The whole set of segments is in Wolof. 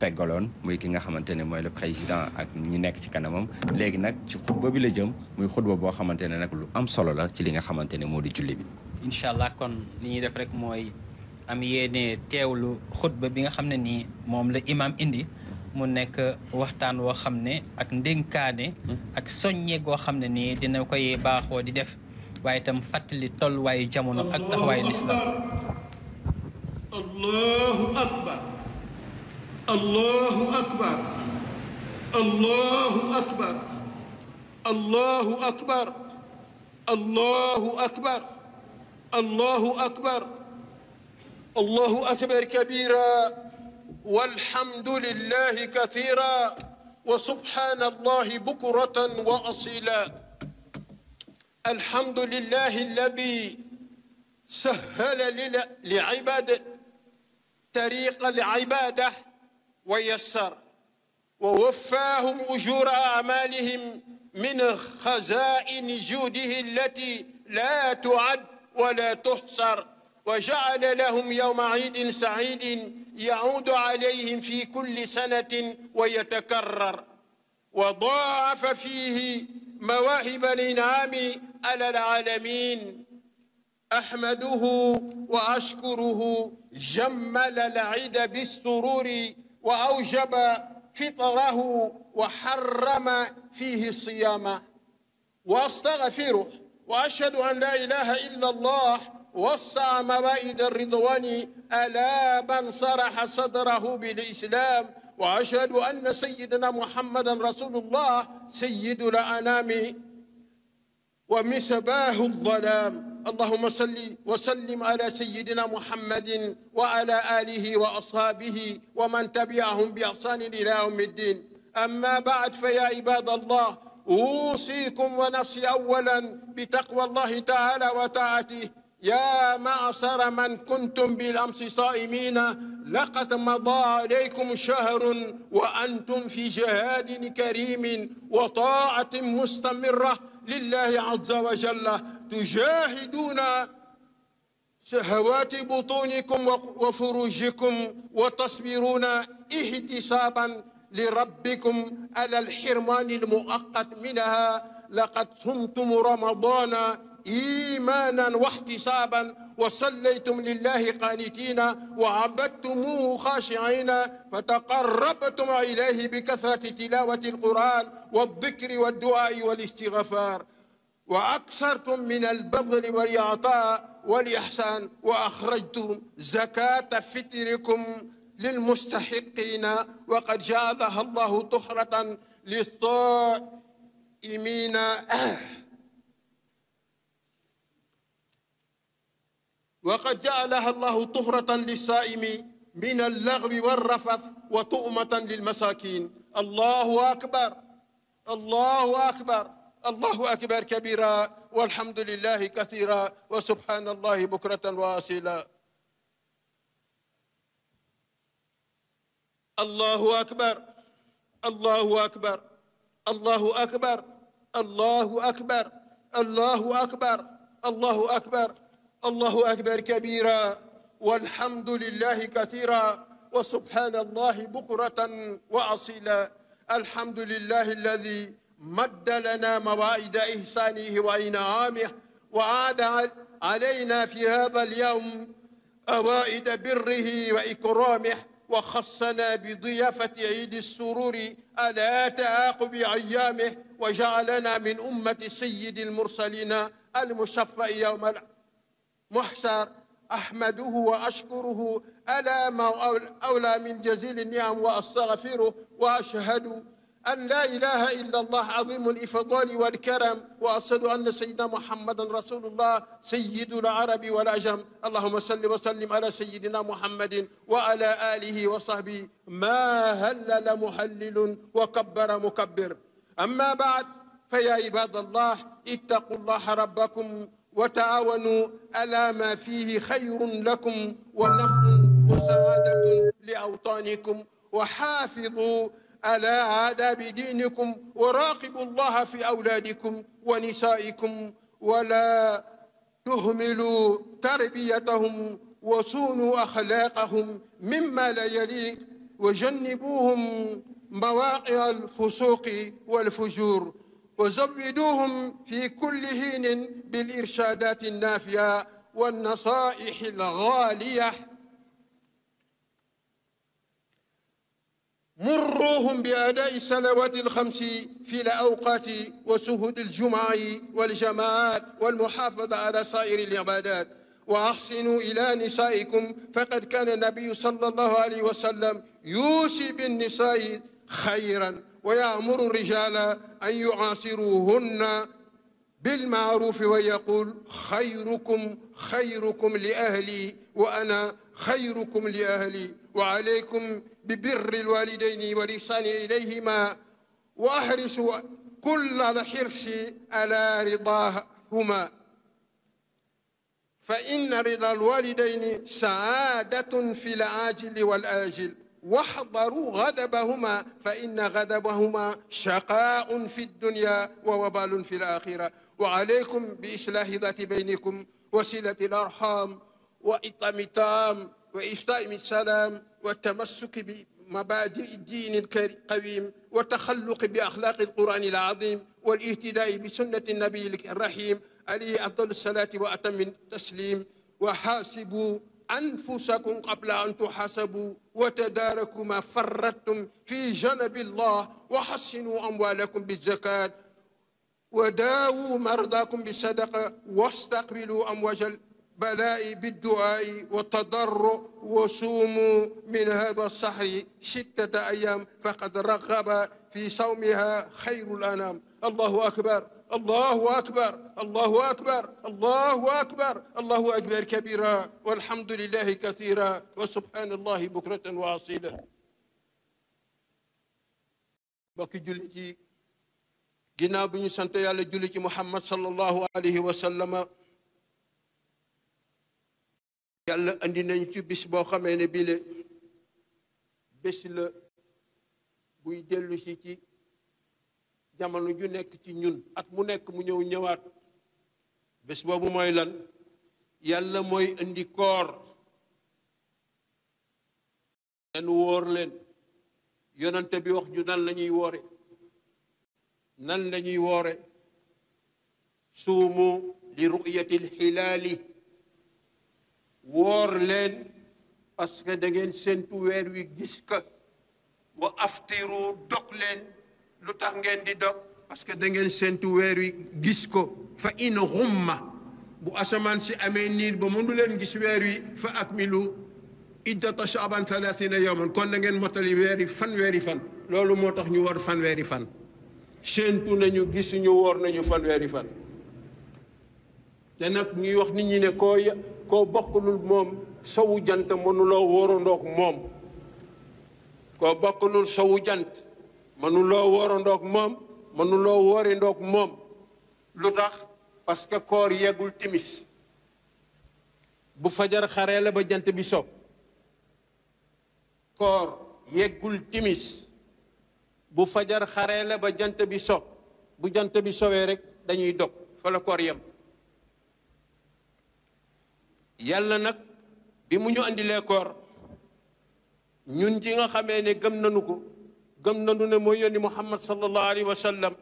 peggaloon muy ki nga xamante ne mooy le président ak ñi nekk ci kanamam léegi nag ci xutba bi la jëm muy xutba boo xamante ne nag lu am solo la ci li nga xamante ne moo di julli bi. incha allah kon li ñuy def rek mooy am yéene teewlu xutba bi nga xam ne nii moom la imaam indi mu nekk waxtaan woo xam ne ak ndénkaane. ak soññee goo xam ne nii dina koy baaxoo di def waaye itam fàttali tolluwaayu jamono ak taxawaayu lislaam. allahu akbar allahu akbar allahu akbar allahu akbar allahu akbar allahu akbar allahu akbar kabira walhamdulillahi kathira wa subhanallahi bukratan wa asila alhamdulillahi alladhi سهل لعباده طريق العباده ويسر ووفاهم أجور أعمالهم من خزائن جوده التي لا تعد ولا تحصر وجعل لهم يوم عيد سعيد يعود عليهم في كل سنة ويتكرر وضاعف فيه مواهب الإنعام على العالمين أحمده وأشكره جمل العيد بالسرور واوجب فطره وحرم فيه الصيام واستغفره واشهد ان لا اله الا الله وسع موائد الرضوان الا من صرح صدره بالاسلام واشهد ان سيدنا محمدا رسول الله سيد الانام ومسباه الظلام اللهم صل وسلم على سيدنا محمد وعلى آله وأصحابه ومن تبعهم بإحسان إلى يوم الدين أما بعد فيا عباد الله أوصيكم ونفسي أولا بتقوى الله تعالى وطاعته يا معصر من كنتم بالأمس صائمين لقد مضى عليكم شهر وأنتم في جهاد كريم وطاعة مستمرة لله عز وجل تجاهدون شهوات بطونكم وفروجكم وتصبرون احتسابا لربكم على الحرمان المؤقت منها لقد صمتم رمضان ايمانا واحتسابا وصليتم لله قانتين وعبدتموه خاشعين فتقربتم إليه بكثرة تلاوة القرآن والذكر والدعاء والاستغفار وأكثرتم من البذل والإعطاء والإحسان وأخرجتم زكاة فطركم للمستحقين وقد جعلها الله طهرة للصائمين وقد جعلها الله طهرة للصائم من اللغو والرفث وتؤمة للمساكين الله أكبر الله أكبر الله أكبر كبيرا والحمد لله كثيرا وسبحان الله بكرة واسلا الله أكبر الله أكبر الله أكبر الله أكبر الله أكبر الله أكبر الله أكبر كبيرا والحمد لله كثيرا وسبحان الله بكرة وأصيلا الحمد لله الذي مد لنا مواعيد إحسانه وإنعامه وعاد علينا في هذا اليوم أوائد بره وإكرامه وخصنا بضيافة عيد السرور على تعاقب أيامه وجعلنا من أمة سيد المرسلين المشفى يوم العالمين محتار أحمده وأشكره ألا ما أولى من جزيل النعم وأستغفره وأشهد أن لا إله إلا الله عظيم الإفضال والكرم وأشهد أن سيدنا محمدا رسول الله سيد العرب والعجم اللهم صل وسلم على سيدنا محمد وعلى آله وصحبه ما هلل محلل وكبر مكبر أما بعد فيا عباد الله اتقوا الله ربكم wa taawanu ala ma fihi xayrun lakum wa nafun wa saadatun li awtaanikum wa xaafidu ala aadaabi diinikum wa raaqibu allaha fi awlaadikum wa nisaaikum wala tuhmilu tarbiyatahum wa suunu axlaaqahum mimma la yaliq wa jannibuhum mawaaqi'a alfusuuqi walfujuur وزودوهم في كل حين بالإرشادات النافية والنصائح الغالية مروهم بأداء الصلوات الخمس في الأوقات وسهود الجمعة والجماعات والمحافظة على سائر العبادات وأحسنوا إلى نسائكم فقد كان النبي صلى الله عليه وسلم يوصي بالنساء خيرا ويأمر الرجال أن يعاصروهن بالمعروف ويقول خيركم خيركم لأهلي وأنا خيركم لأهلي وعليكم ببر الوالدين والإحسان إليهما وأحرصوا كل الحرص على رضاهما فإن رضا الوالدين سعادة في العاجل والآجل واحذروا غضبهما فإن غضبهما شقاء في الدنيا ووبال في الآخرة وعليكم بإصلاح ذات بينكم وصلة الأرحام وإطعام الطعام وإفتاء السلام والتمسك بمبادئ الدين القويم والتخلق بأخلاق القرآن العظيم والاهتداء بسنة النبي الرحيم عليه أفضل الصلاة وأتم التسليم وحاسبوا أنفسكم قبل أن تحاسبوا وتداركوا ما فرطتم في جنب الله وحصنوا أموالكم بالزكاة وداووا مرضاكم بالصدقة واستقبلوا أمواج البلاء بالدعاء والتضرع وصوموا من هذا الشهر ستة أيام فقد رغب في صومها خير الأنام الله أكبر الله أكبر الله أكبر الله أكبر الله أكبر كبيرا والحمد لله كثيرا وسبحان الله بكرة وأصيلا bokki julli ci ginnaaw bi ñu sant yàlla julli ci muhammad sallallahu alayhi wa sallama yàlla andi nañ ci bis boo xamee ne bii la bés la dellu si ci jamono ju nekk ci ñun at mu nekk mu ñëw ñëwaat bés boobu mooy lan yàlla mooy indi koor leen wóor leen yonante bi wax ju nan lañuy woore nan lañuy woore suumu li ru'yati lxilaali woor leen parce que da weer wi gis ka wa aftiru dog leen lu tax ngeen di dog parce que da ngeen séntu weer wi gis ko fa in xumma bu asamaan si amee niir ba mënu leen gis weer wi fa akmilu iddata shaaban thalathina yawman kon da ngeen mottali weeri fan weeri fan loolu moo tax ñu war fan weeri fan séntu nañu gisuñu woor nañu fan weeri fan te nag ñuy wax nit ñi ne koo koo bokkulul moom sowu jant mënuloo wóorandoog moom koo bokkulul sowu jant mënuloo wooro ndoog moom mënuloo moom lu tax parce que koor yeggul timis bu fajar xaree jant bi so koor yeggul timis bu fajar xaree ba jant bi so bu jant bi sowee rek dañuy dog fa la koor yem yàlla nag bi mu ñu andilee koor ñun ji nga xamee ne gëm nañu ko gëm nañu ne mooy yónni Muhammad sallallahu alayhi wa sallam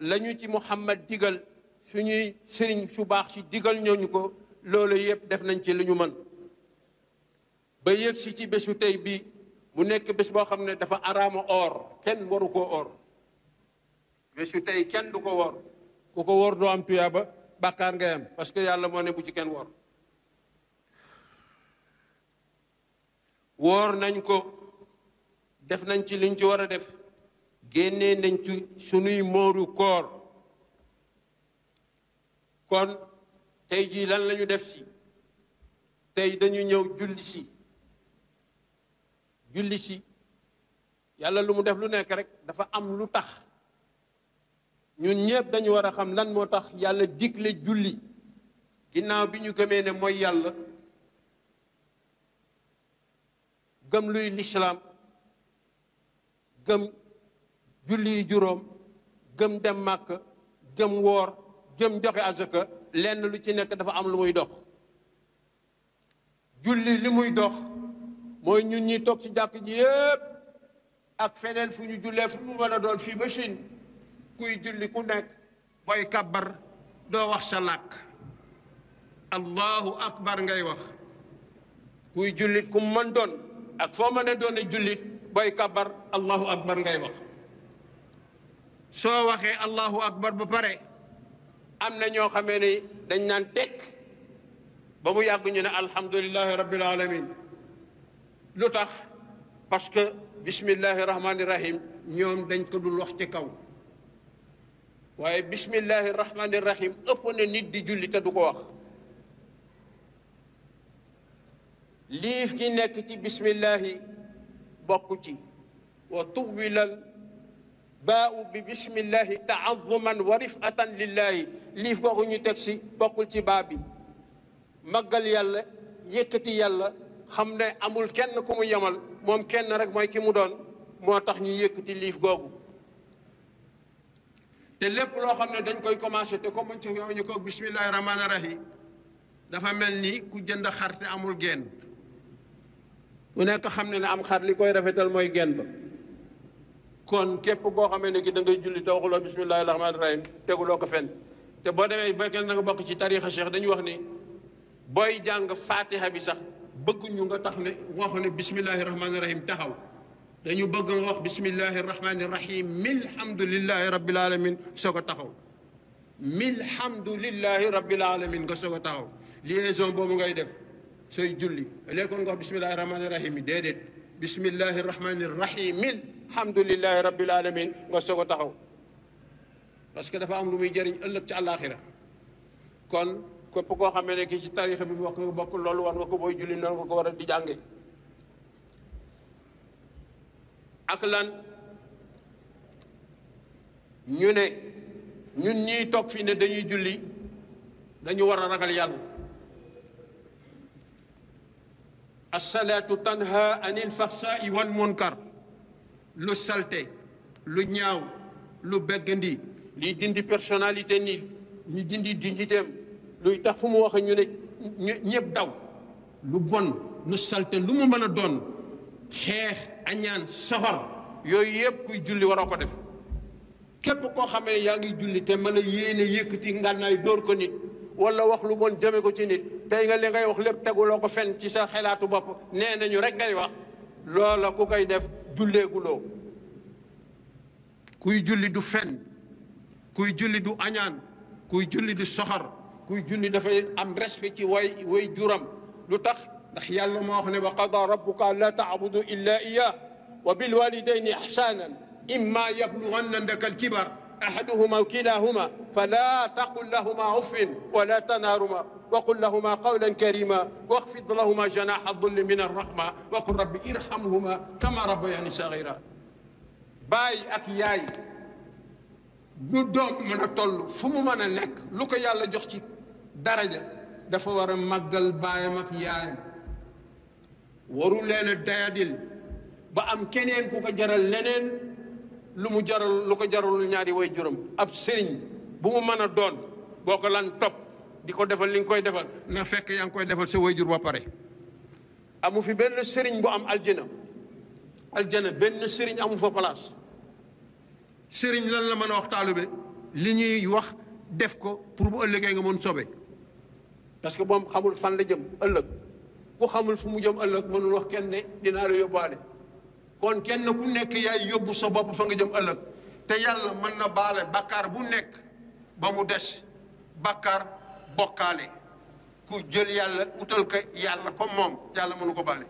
la ñu ci Muhammad digal suñuy sëriñ su baax si digal ñooñu ko loolu yëpp def nañ ci li ñu mën ba yëg si ci bésu tey bii mu nekk bés boo xam ne dafa araama or kenn waru koo or bésu tey kenn du ko wor ku ko wor doo am tuyaaba bàkkaar ngay am parce que yàlla moo nekku ci kenn wor woor nañ ko def nañ ci liñ ci war a def génnee nañ ci sunuy mooru koor kon tey jii lan lañu def si tey dañu ñëw julli si julli si yàlla lu mu def lu nekk rek dafa am lu tax ñun ñëpp dañu war a xam lan moo tax yàlla digle julli ginnaaw bi ñu gëmee ne mooy yàlla gëm luy lislaam gëm julli juróom gëm dem màkk gëm woor gëm joxe azaka lenn lu ci nekk dafa am lu muy dox julli li muy dox mooy ñu ñi toog ci jàkk ji yépp ak feneen fu ñu jullee fu mu mën a doon fii machine kuy julli ku nekk booy kàbbar doo wax sa làkk allahu akbar ngay wax kuy jullit ku mën doon ak foo mën a julli booy kabar allahu akbar ngay wax soo waxee allahu akbar ba pare am na ñoo xamee ni dañ naan tek ba mu yàgg ñu ne alhamdulillahi rabbil alamin lu tax parce que bismillahi rahmani rahim ñoom dañ ko dul wax ci kaw waaye bismillahi rahmani rahim ëpp na nit di julli te du ko wax liif gi nekk ci bismillahi bokk ci wa tuwilal baaw bi bismillahi taazuman wa rifatan lillahi liif googu ñu teg si bokkul ci baa bi màggal yàlla yëkkati yàlla xam ne amul kenn ku mu yemal moom kenn rek mooy ki mu doon moo tax ñu yëkkati liif googu te lépp loo xam ne dañ koy commencé te ko muñ ci ñu ko bismillahi rahmaani rahim dafa mel ni ku jënd xar te amul genn ku nekk xam ne na am xar li koy rafetal mooy genn ba kon képp koo xamee ne ki da ngay julli te waxuloo bismillahi rahmaani rahim teguloo ko fen te boo demee béykat na nga bokk ci a seex dañuy wax ni booy jàng faatiha bi sax bëgguñu nga tax ne wax ne bismillahi rahmaani rahim taxaw dañu bëgg nga wax bismillahi rahmaani rahim milhamdulillahi rabbil alamin soog a taxaw mi milhamdulillahi rabbil alamin nga soog a taxaw liaison boobu ngay def sooy julli léegoon nga wax bismillahi rahmaani rahim yi déedéet bismillahi rahmaani rahimin alhamdulillahi rabbil alamin nga soog taxaw parce que dafa am lu muy jariñ ëllëg ci àllaaxira kon képp koo xamee ne kii ci tarixa bi wax nga bokk loolu war nga ko booy julli noonu nga ko war a di jànge lan ñu ne ñun ñuy toog fii ne dañuy julli dañu war a ragal yàlla asalaatu tanha anil faxsaai wal munkar lu salte lu ñaaw lu bëggandi liy dindi personnalité nii ñu dindi dignitéem luy tax fu mu wax ñu ne ñëpp daw lu bon lu salte lu mu mën a doon xeex añaan soxor yooyu yëpp kuy julli waroo ko def képp koo xamee ne yaa ngi julli te mën a yéene yëkkati ngànnaay dóor ko nit wala wax lu bon jëme ko ci nit tey nga li ngay wax lépp teguloo ko fen ci sa xelaatu bopp nee nañu rek ngay wax loola ku koy def julleeguloo kuy julli du fen kuy julli du añaan kuy julli du soxor kuy julli dafay am respect ci way way juram lu tax ndax yàlla moo wax ne wa qada rabbuka an laa taabudu illa iya wa bilwalidayni ixsaanan imma yablughanna indaka alkibar أحدهما وكلاهما فلا تقل لهما أف ولا تنهرما وقل لهما قولا كريما واخفض لهما جناح الظل من الرحمة وقل رب ارحمهما كما ربياني صغيرا baay ak yaay lu doom mën a toll fu mu mën a nekk lu ko yàlla jox ci daraja dafa war a màggal baayam ak yaayam waru leen a dayadil ba am keneen ku ko jaral leneen lu mu jarul lu ko jarul ñaari way juróom ab sëriñ bu mu mën a doon boo ko lan topp di ko defal li nga koy defal na fekk yaa ngi koy defal sa way jur ba pare amu fi benn sëriñ bu am aljana aljana benn sëriñ amu fa place sëriñ lan la mën a wax taalibe li ñuy wax def ko pour bu ëllëgee nga mun sobe parce que moom xamul fan la jëm ëllëg ku xamul fu mu jëm ëllëg mënul wax kenn ne dinaa la yóbbaale kon kenn ku nekk yaay yóbbu sa bopp fa nga jëm ëllëg te yàlla mën na baale bàkkaar bu nekk ba mu des bàkkaar bokkaale ku jël yàlla utal ko yàlla comme moom yàlla mënu ko baale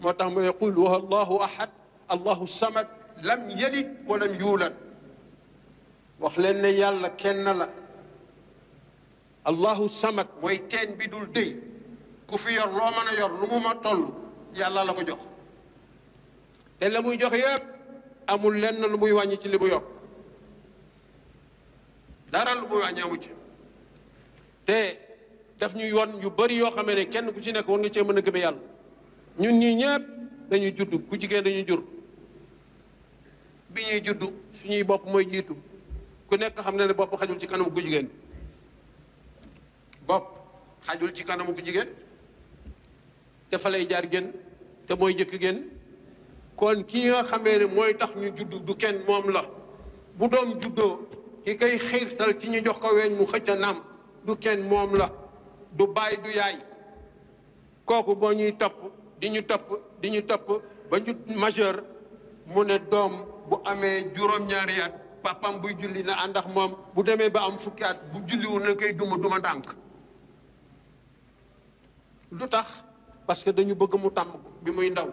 moo tax mu ne qul wa allahu ahad allahu samad lam yalid yàlla kenn la allahu samad mooy teen bi dul dëy ku fi yor loo mën a yor lu mu ma toll yàlla la ko jox te la muy joxe yëpp amul lenn lu muy wàññi ci li mu yokk dara lu muy wàññi amu ci te daf ñu yoon yu bari yoo xamee ne kenn ku ci nekk war nga cee mën a gëme yàlla ñun ñi ñëpp dañuy judd ku jigéen dañuy jur bi ñuy judd ñuy bopp mooy jiitu ku nekk xam na ne bopp xajul ci kanamu ku jigéen bopp xajul ci kanamu ku jigéen te fa lay jaar génn te mooy jëkk génn kon kii nga xamee ne mooy tax ñu judd du kenn moom la bu doom juddoo ki koy xiirtal ci ñu jox ko weñ mu xëcc a naam du kenn moom la du baay du yaay kooku boo ñuy topp di ñu topp di ñu topp ba ñu majeur mu ne doom bu amee juróom-ñaari at buy julli na ànd ak moom bu demee ba am fukki at bu julliwul na kay duma duma ndànk lu tax parce que dañu bëgg mu tàmm bi muy ndaw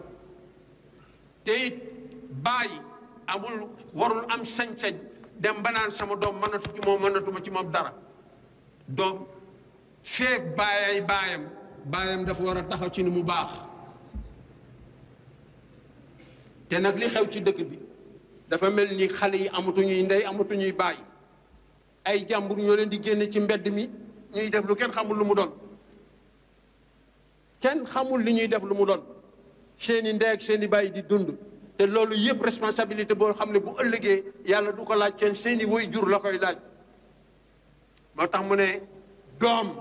te it bàyyi amul warul am sañ-sañ dem banaan sama doom mënatu mënatuma ci moom dara doom feeg bàyyay baayam baayam dafa war a taxaw ci ni mu baax te nag li xew ci dëkk bi dafa mel ni xale yi amatuñuy ndey amatuñuy baay ay jàmbur ñoo leen di génne ci mbedd mi ñuy def lu kenn xamul lu mu doon kenn xamul li ñuy def lu mu doon seen i seeni ak seen di dund te loolu yëpp responsabilité boo xam ne bu ëllëgee yàlla du ko laaj kenn seen i way jur la koy laaj moo tax mu ne doom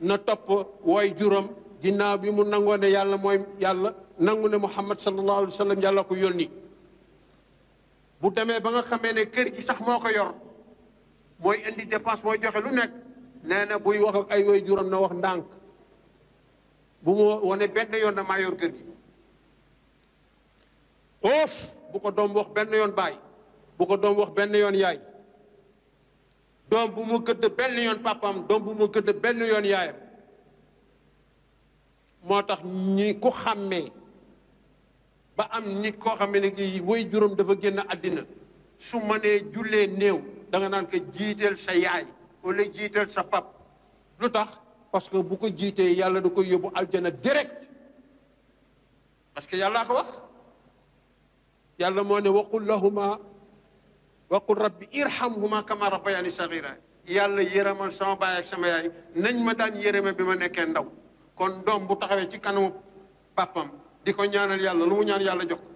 na topp way juram ginnaaw bi mu nangoo ne yàlla mooy yàlla nangu ne Muhammad sallallahu alayhi wa sallam yàlla ko yónni bu demee ba nga xamee ne kër gi sax moo ko yor mooy indi dépense mooy joxe lu nekk nee na buy wax ay way juram na wax ndànk bu mu wane benn yoon na maa kër gi oof bu ko doom wax benn yoon baay bu ko doom wax benn yoon yaay doom bu mu gëdd benn yoon papaam doom bu mu gëdd benn yoon yaayam moo tax ñi ku xàmmee ba am nit koo xam ne kii woy juróom dafa génn àddina su mënee jullee néew danga nga naan ko jiiteel sa yaay wala jiiteel sa pap lu tax parce que bu ko jiitee yàlla da koy yóbbu aljana direct parce que yàllaa ko wax yàlla moo ne waqul lahuma waqul rabbi irhamhuma kama rabbayani sagira yàlla yërëmal sama baay ak sama yaay nañ ma daan yërëme bi ma nekkee ndaw kon doom bu taxawee ci kanamu pàppam di ko ñaanal yàlla lu mu ñaan yàlla jox ko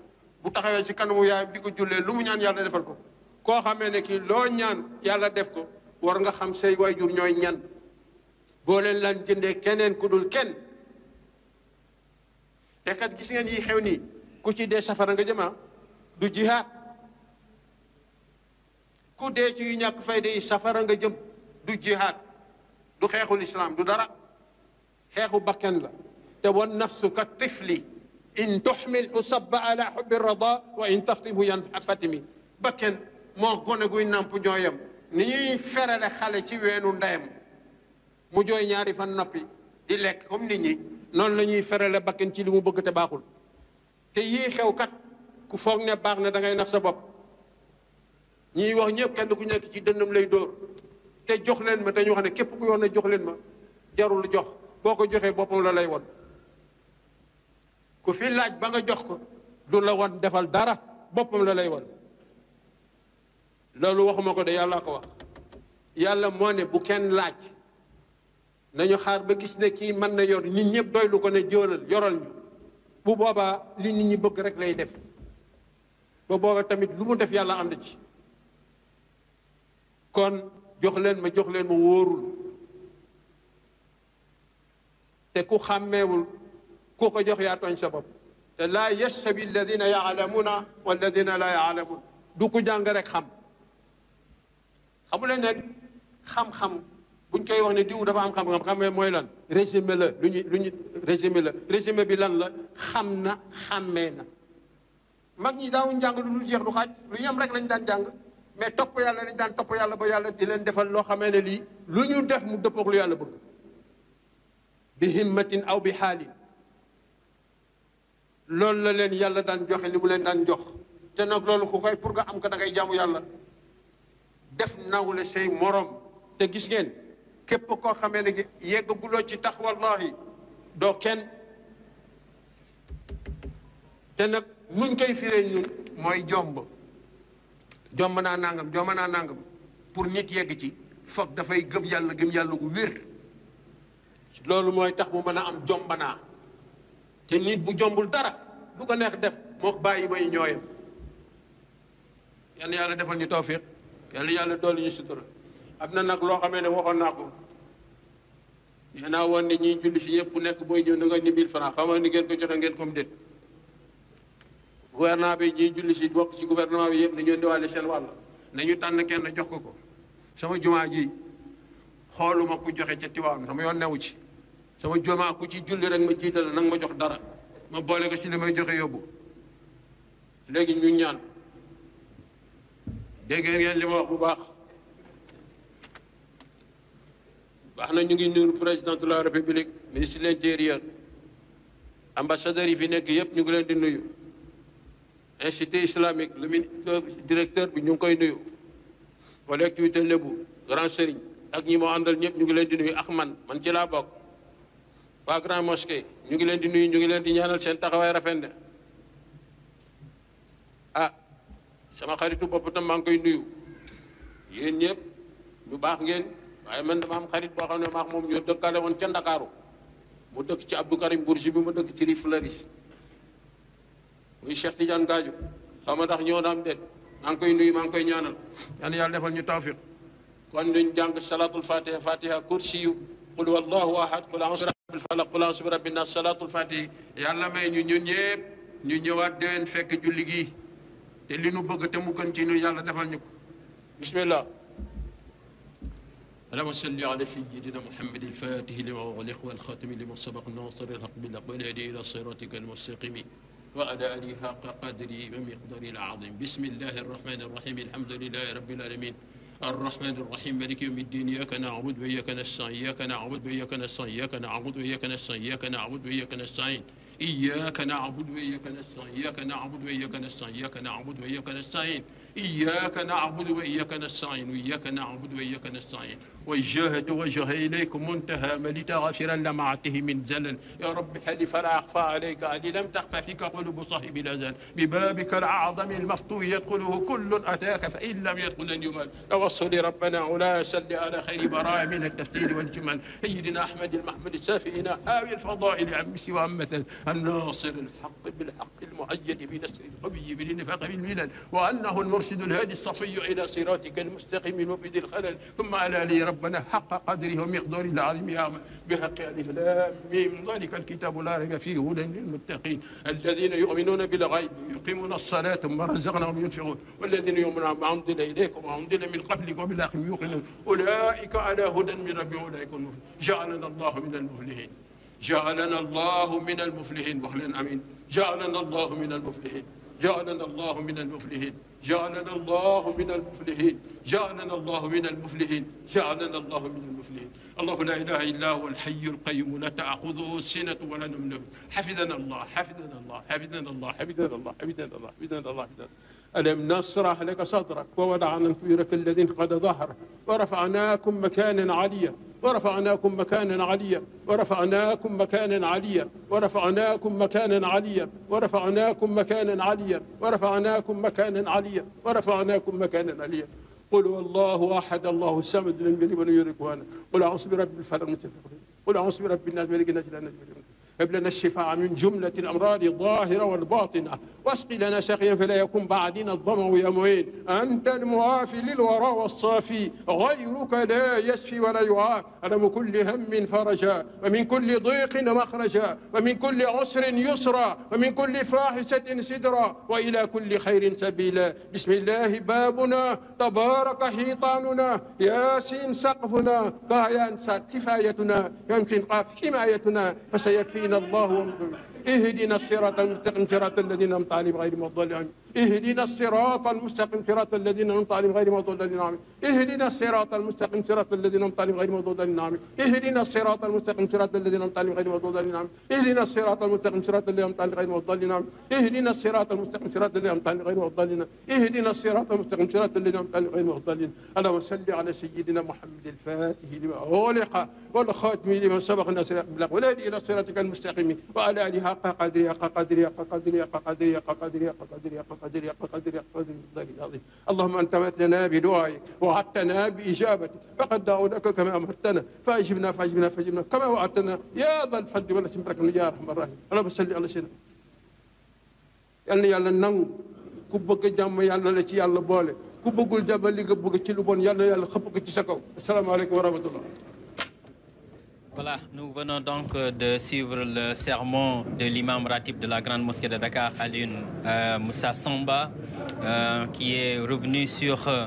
bu taxawee ci kanamu yaayam di ko jullee lu mu ñaan yàlla defal ko koo xamee ne kii loo ñaan yàlla def ko war nga xam say waajur ñooy ñan boo la lan jëndee keneen ku dul kenn te kat gis yi xew nii ku ci dee safara nga jëma ah, du jihaat ku dee ci safara nga jëm du jihaat du xeexu islaam du dara xeexu bakken la te wan nafsu ka tifli in tuxmil usabba ala xubbi rada wa in taftimhu yan fatimi bakken moo gone guy nàmp ñooyam ni ñuy ferale xale ci weenu ndeyam mu jooy ñaari fan noppi di lekk comme nit ñi noonu la ñuy ferale bakken ci li mu bëgg te baaxul te yii xew kat ku foog ne baax na da ngay nax sa bopp ñiy wax ñëpp kenn ku nekk ci dënnam lay dóor te jox leen ma dañu wax ne képp ku yoon ne jox leen ma jarul jox boo ko joxee boppam la lay won ku fi laaj ba nga jox ko du la won defal dara boppam la lay won loolu waxuma ko de yàlla ko wax yàlla moo ne bu kenn laaj nañu xaar ba gis ne kii mën na yor nit ñëpp lu ko ne jóolal yoral ñu bu boobaa li ñu ñi bëgg rek lay def ba booba tamit lu mu def yàlla ànd ci kon jox leen ma jox leen ma wóorul te ku xàmmeewul ku ko jox yaa tooñ sa bopp te laa yastawi alladina yaalamuuna walladina laa yaalamuun du ku jàng rek xam xamu leen nag xam-xam bu ñu koy wax ne diw dafa am xam-xam mooy lan résumé la lu ñu lu ñu résumé la résumé bi lan la xam na xàmmee na mag ñi daawuñ jàng lu jeex lu xaaj lu ñu am rek lañ daan jàng mais topp yàlla lañ daan topp yàlla ba yàlla di leen defal loo xamee ne lii lu ñu def mu dëppook lu yàlla bëgg bi himmatin aw bi xaalin loolu la leen yàlla daan joxe li mu leen daan jox te nag loolu ku koy pour nga am ko da ngay yàlla def la say morom te gis ngeen képp koo xamee ne yeggaguloo ci tax wallahi doo kenn te nag nuñ koy firee ñun mooy jomb jomb naa nangam jomb naa nangam pour nit yegg ci foog dafay gëm yàlla gëm yàlla gu wér loolu mooy tax mu mën a am jomb te nit bu jombul dara lu ko neex def moo bàyyi may ñooyam yal na yàlla defal ñu tawfiq yal na yàlla dolli ñu sutura am na nag loo xamee ne waxoon naa ko nee naa woon ne ñiy julli si yëpp bu nekk booy ñëw na nga ni mille francs xam ni ngeen ko joxe ngeen koom déet gouvernement bi ñiy julli si bokk ci gouvernement bi yëpp nañu ndiwaale seen wàll nañu tànn kenn jox ko ko sama jumaa ji xooluma ku joxe ca Tiwaawan sama ci sama jumaa ku ci julli rek ma jiital nag ma jox dara ma boole ko si li may joxe yóbbu léegi ñu ñaan dégg ngeen li ma wax bu baax wax na ñu ngi nuyu président de la république ministre de l'intérieur ambassadeurs yi fi nekk yëpp ñu ngi leen di nuyu institut islamique le directeur bi ñu ngi koy nuyu collectivité lébu grand sëriñ ak ñi moo àndal ñëpp ñu ngi leen di nuyu ak man man ci laa bokk waa grand mosquée ñu ngi leen di nuyu ñu ngi leen di ñaanal seen taxawaay rafet na ah sama xaritu bopp tam maa ngi koy nuyu yéen ñëpp ñu baax ngeen waaye man dama am xarit boo xam ne maax moom ñoo dëkkaale woon ca Ndakaaru mu dëkk ci Abdou Karim Bourgi bi mu dëkk ci Rue Fleuris muy Cheikh Tidiane Gadio xaw ma ndax ñoo naam déet maa koy nuyu maa ngi koy ñaanal yal na defal ñu tawfiq kon ñu jàng salaatul fatiha fatiha kursiyu qul wallahu ahad qul a'udhu bi rabbil falaq qul a'udhu bi rabbin fatiha yàlla may ñu ñun ñëpp ñu ñëwaat déwén fekk julli gi te li nu bëgg te mu gën ci ñu defal ñu ko bismillah اللهم صل على سيدنا محمد الفاتح لما أغلق والخاتم لما سبق ناصر الحق بالحق والهدي إلى صراطك المستقيم وعلى آله حق قدري ومقداري العظيم بسم الله الرحمن الرحيم الحمد لله رب العالمين الرحمن الرحيم مالك يوم الدين إياك نعبد وإياك نستعين إياك نعبد وإياك نستعين إياك نعبد وإياك نستعين إياك نعبد وإياك نستعين إياك نعبد وإياك نستعين إياك نعبد وإياك نستعين إياك نعبد وإياك نستعين إياك نعبد وإياك نستعين إياك نعبد وإياك نستعين والجهد وجه إليك منتهى لتغفر لما أعطيه من زلل يا رب حلي فلا أخفى عليك علي لم تخفى فيك قلوب صاحب الأزل ببابك الأعظم المفتوح يدخله كل أتاك فإن لم يدخل اليمن توصل ربنا ولا سل على خير براء من التفتيل والجمل سيدنا أحمد المحمد السافئنا آوي الفضائل عن مسي وأمثل الناصر الحق بالحق المؤيد بنسر الحبي بالنفاق بالملل وأنه المرشد الهادي الصفي إلى صراطك المستقيم وبذي الخلل ثم ألا لي رب ربنا حق قدره ومقداره العظيم يا بحق ألف لام ميم ذلك الكتاب لا ريب فيه هدى للمتقين الذين يؤمنون بالغيب يقيمون الصلاة وما رزقناهم ينفقون والذين يؤمنون بما أنزل إليكم وما أنزل من قبلكم وبالآخرة يوقنون أولئك على هدى من ربهم أولئك المفلحون جعلنا الله من المفلحين جعلنا الله من المفلحين وخلينا امين جعلنا الله من المفلحين جعلنا الله من المفلحين jaalana allahu min almuflihin jaalana allahu min almuflihin jaalana allahu min almuflihin allahu la ilaha illa huwa alhayyu alqayyumu la taaxuduhu sinatu wala nawm lahu xafidana allah xafidana allah xafidana allah xafidana allah xafidana allah xafidana allah alam nasrah laka sadrak wa wadana firaka alladhi qad dahrak wa rafanakum makanan aliya ورفعناكم مكانا عليا ورفعناكم مكانا عليا ورفعناكم مكانا عليا ورفعناكم مكانا عليا ورفعناكم مكانا عليا ورفعناكم مكانا عليا قل والله احد الله الصمد لم يلد ولم يولد ولم يولد قل اعوذ برب الفلق من شر قل اعوذ برب الناس ملك الناس لا نجم هب لنا الشفاء من جملة الأمراض الظاهرة والباطنة واسقي لنا سقيا فلا يكون بعدنا الظمأ يموين أنت المعافي للوراء والصافي غيرك لا يشفي ولا يعاف أنا من كل هم فرجا ومن كل ضيق مخرجا ومن كل عسر يسرا ومن كل فاحشة سدرا وإلى كل خير سبيلا بسم الله بابنا تبارك حيطاننا ياسين سقفنا كهيان كفايتنا يمشي قاف حمايتنا فسيكفينا يهدنا الله اهدنا الصراط المستقيم صراط الذين انعمت عليهم غير المغضوب عليهم اهدنا الصراط المستقيم صراط الذين انعمت عليهم غير المغضوب عليهم اهدنا الصراط المستقيم صراط الذين انعمت عليهم غير المغضوب عليهم ولا اهدنا الصراط المستقيم صراط الذين انعمت عليهم غير المغضوب عليهم اهدنا الصراط المستقيم صراط الذين انعمت عليهم غير المغضوب عليهم اهدنا الصراط المستقيم صراط الذين انعمت عليهم غير المغضوب عليهم اهدنا الصراط المستقيم صراط الذين انعمت عليهم غير المغضوب عليهم اللهم صل على سيدنا محمد الفاتح لما أغلق والخاتم لمن سبق الناصر بالحق والهادي إلى صراطك المستقيم وعلى آله حق قدره حق قدره حق قدره حق قدره حق قدره حق قدره حق قدره حق قدره حق قدره العظيم اللهم أنت مثلنا بدعائك وعدتنا بإجابة فقد دعوناك كما أمرتنا فأجبنا فأجبنا فأجبنا كما وعدتنا يا ذا الفضل والإكرام بركم يا أرحم الراحمين اللهم صل على سيدنا yal na yàlla nangu ku bëgg jàmm yal na la ci yàlla boole ku bëggul jàmm li nga bëgg ci lu bon yal na yàlla xëpp ko ci sa kaw asalaamaaleykum wa rahmatullah Voilà, nous venons donc euh, de suivre le sermon de l'imam Ratib de la Grande Mosquée de Dakar, Alun euh, Moussa Samba, euh, qui est revenu sur... Euh,